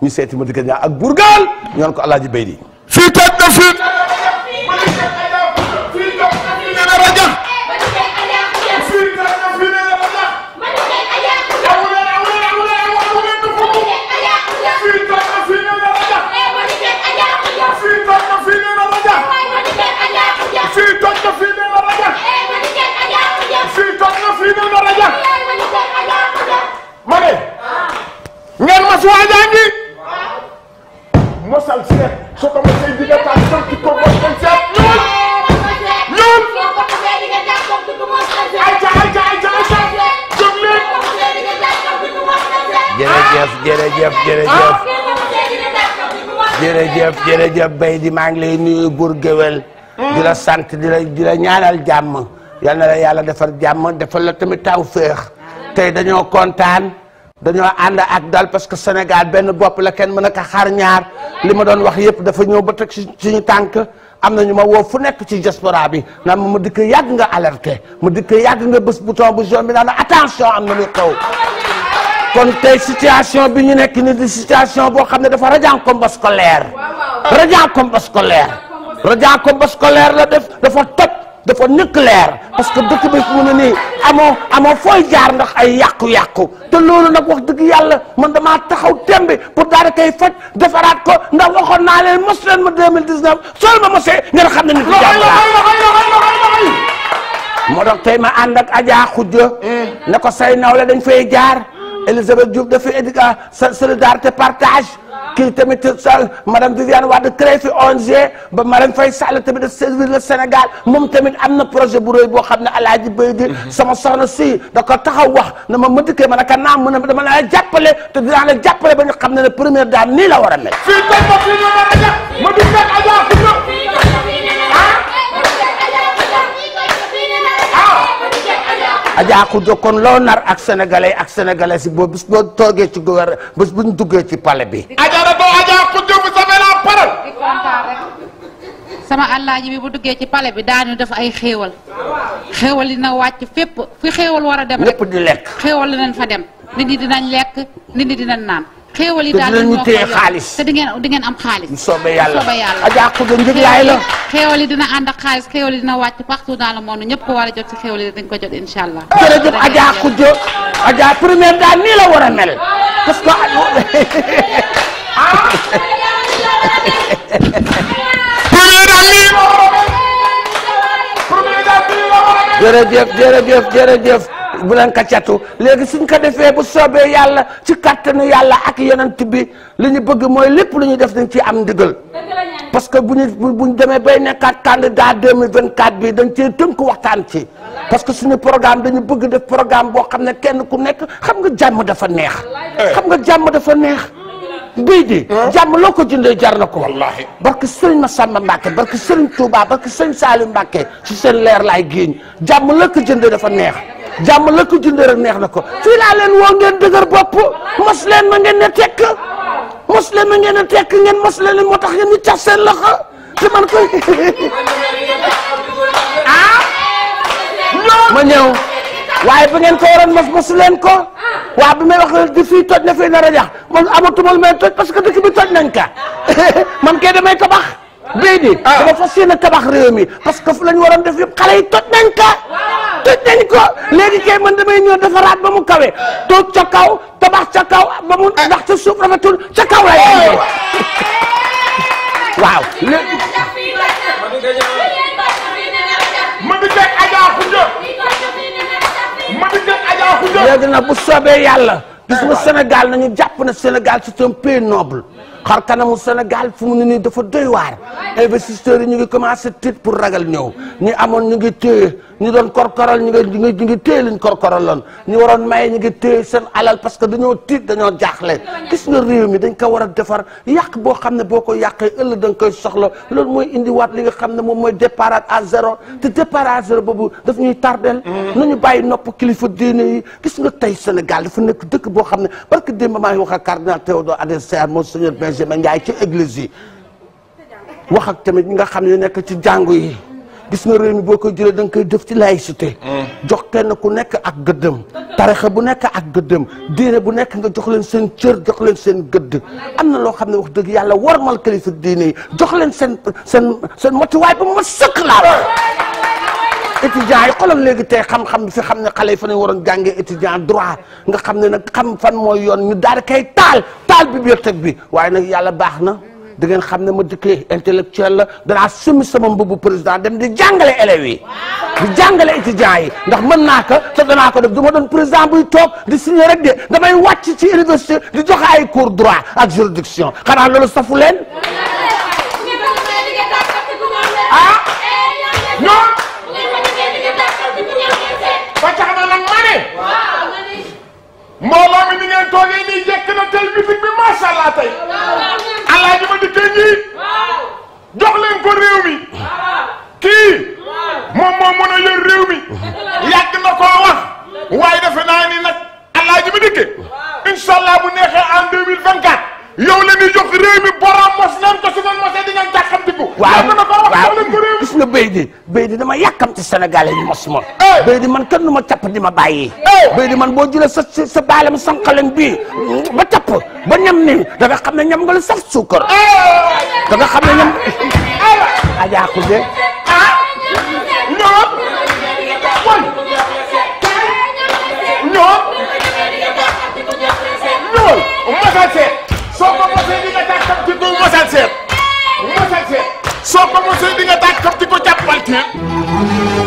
ñu seeti ma dikka ñaa ak burgaan ñu naan ko alaaji bay di fii toj na fii Ngeen ma su waajaa ngi sal seet soo ko mosee di nga taal sal jërëjëf jërëjëf di maa ngi lay nuyu góor géwél di sant di la di jàmm yal na la yàlla defar jàmm defal la tamit taw féex tey dañoo kontaan dañoo ànd ak dal parce que Sénégal benn bopp mën a ko xar ñaar li ma doon wax yëpp dafa ñëw ba teg suñu tànk am na ñu ma woo fu nekk ci diaspora na naan ma ma dikk yàgg nga alerté ma dikk yàgg nga bés bouton bu jaune bi naan attention am na lu xew kon tey situation bi ñu nekk ni di situation boo xam ne dafa rajan combat scolaire rajan combat scolaire rajan combat la def dafa toj dafa nëkk leer parce que dëkk bi mu ne nii amoo amoo fooy jaar ndax ay yàqu-yàqu te loolu nag wax dëgg yàlla man damaa taxaw tembe pour daal di koy faj defaraat ko ndax waxoon naa leen mos leen ma 2019 sool ma mosee ngeen xam ne nit ki jàpp moo tax ma ànd ak Adja Khoudia eh. ne ko say nawle dañ fay jaar Elisabeth Diouf dafa éducation solidarité partage kii tamit sal madame Viviane Wade créé fi ONG ba Marème Faye Sall tamit de servir le Sénégal moom tamit am na projet bu rëy boo xam ne alaaji bay di mhm. sama soxna si da ko taxaw wax na ma ma dikkee ma ne ko naam mu ne dama la jàppale te dinaa la jàppale ba ñu xam ne ne première dame nii la war a mel. fii tey ba fii ñu war a ma di fekk Adja Khoudia kon loo nar ak sénégalais ak sénégalaises si boo bis boo toogee ci gouvernement bés bu ñu duggee ci pale bi. Adja Rabo Adja Khoudia vous avez la sama àllaaji bi bu duggee ci pale bi daañu def ay xéewal xéewal dina wàcc fépp fi xéewal war a dem rek di lekk xéewal dinañ fa dem nit ñi dinañ lekk nit ñi dinañ naan. xéewal yi daal dinañu téye xaalis te di ngeen di ngeen xaalis soobee la xéewal yi dina ànd ak xaalis xéewal yi dina wàcc partout dans le monde ñëpp ko war a jot ci xéewal yi dañ ko jot insha allah jërëjëf ajaa ko jo ajaa première daal nii la war a mel parce que ah, jërëjëf jërëjëf jërëjëf bu leen kàccatu léegi suñ ko defee bu soobee yàlla ci kàttanu yàlla ak yonent bi li ñu bëgg mooy lépp lu ñuy def dañ ci am ndigal parce que bu ñu bu ñu demee bay nekkaat candidat 2024 bi dañ cee tënk waxtaan ci parce que suñu programme dañu bëgg def programme boo xam ne kenn ku nekk xam nga jàmm dafa neex eh. xam nga jàmm dafa neex mbay di hmm? jàmm loo ko jëndee jar na ko wallaahi barke sëriñ Massamba Mbacke barke sëriñ Touba barke sëriñ Salim Mbacke ci seen leer laay géeñ jàmm loo ko jëndee dafa neex jàmm la ko jëndee rek neex na ko fii laa leen woo ngeen dëgër bopp mos leen ma ngeen ne tekk mos leen ma ngeen ne tekk ngeen mos leen moo tax ngeen ñu cas seen loxo te man ko ah ma ñëw waaye ba ngeen ko waroon mos mosu leen ko waaw bi may wax leen fii toj na fii nar a jax man amatuma lu may toj parce que dëkk bi toj nañ ka man kay damay tabax béy ah. di dama fas yéene tabax réew mi parce que fu la ñu waroon def yëpp xale yi toj nañ ka tëj nañ ko léegi kay man damay ñëw defaraat ba mu kawe toog ca kaw tabax ca kaw ba mu eh. ndax ca suuf rafetul lay am eh. waaw léegi nag bu soobee yàlla gis nga Sénégal nañu jàpp na Sénégal c'est un pays noble xar kanamu Sénégal fu mu ne nii dafa doy waar investisseurs yi ñu ngi commencé tiit pour ragal ñëw ñi amoon ñu ngi téye ñu doon korkoral ñu ngi ñu ngi téye liñ korkoraloon ñu waroon maye ñu ngi téye seen alal parce que dañoo tiit dañoo jaaxle gis nga réew mi dañ ko war a defar yàq boo xam ne boo ko yàqee ëllëg da nga koy soxla loolu mooy indiwaat li nga xam ne moom mooy départ à zéro te départ à zéro boobu daf ñuy tardel mm. nañu bàyyi nopp kilifa diine yi gis nga tey Sénégal dafa nekk dëkk boo xam ne parce que démb maa ngi wax ménager ma njaay ci église yi wax ak tamit ñi nga xam ne nekk ci jàngu yi gis nga réew mi boo koy jëlee da nga koy def ci laïcité mm. jox kenn ku nekk ak gëddëm tarixa bu nekk ak gëddëm diine bu nekk nga jox leen seen cër jox leen seen gëdd am na loo xam ne wax dëgg yàlla warmal kilifa diine yi jox leen seen seen seen matuwaay ba ma étudiants yi xoolal léegi tey xam-xam bi fi xam ne xale yi fa ne waroon jàngee étudiant droit nga xam ne nag xam fan mooy yoon ñu daal di koy taal taal bibliothèque bi waaye nag yàlla baax na da ngeen xam ne ma dikkee intellectuel la danaa summi sama bu président dem di jàngale élèves yi di jàngale étudiants yi ndax man naa ko te naa ko def du ma doon président buy toog di signé rek de damay wàcc ci université di joxe ay cours droit ak juridiction xanaa loolu safu leen mbooloo mi ni ngeen nii jekk na tel musique bi macha tey alaaji ma dikkee ñii jox ko réew mi kii moom moo mën a yor réew mi yàgg na koo wax waaye defe naa ni nag alaaji ma dikkee incha bu neexee en 2024 yow la jox réew mi borom mos nan ko su ma mosee di ngeen jàkkamtiku. béy di béy di dama yàkkamti sénégalais yi mos ma béy di man kenn du ma capp di ma bàyyi béy di man boo jëlee sa sa baalam sànqalam bii ba capp ba ñam ni da nga xam ne ñam nga lu saf suukar da nga xam ne ñam ajaa ku de soo ko mosee di nga tàkkam ci bu mosal seet mosal seet soo ko mosee di nga tàkkam fépp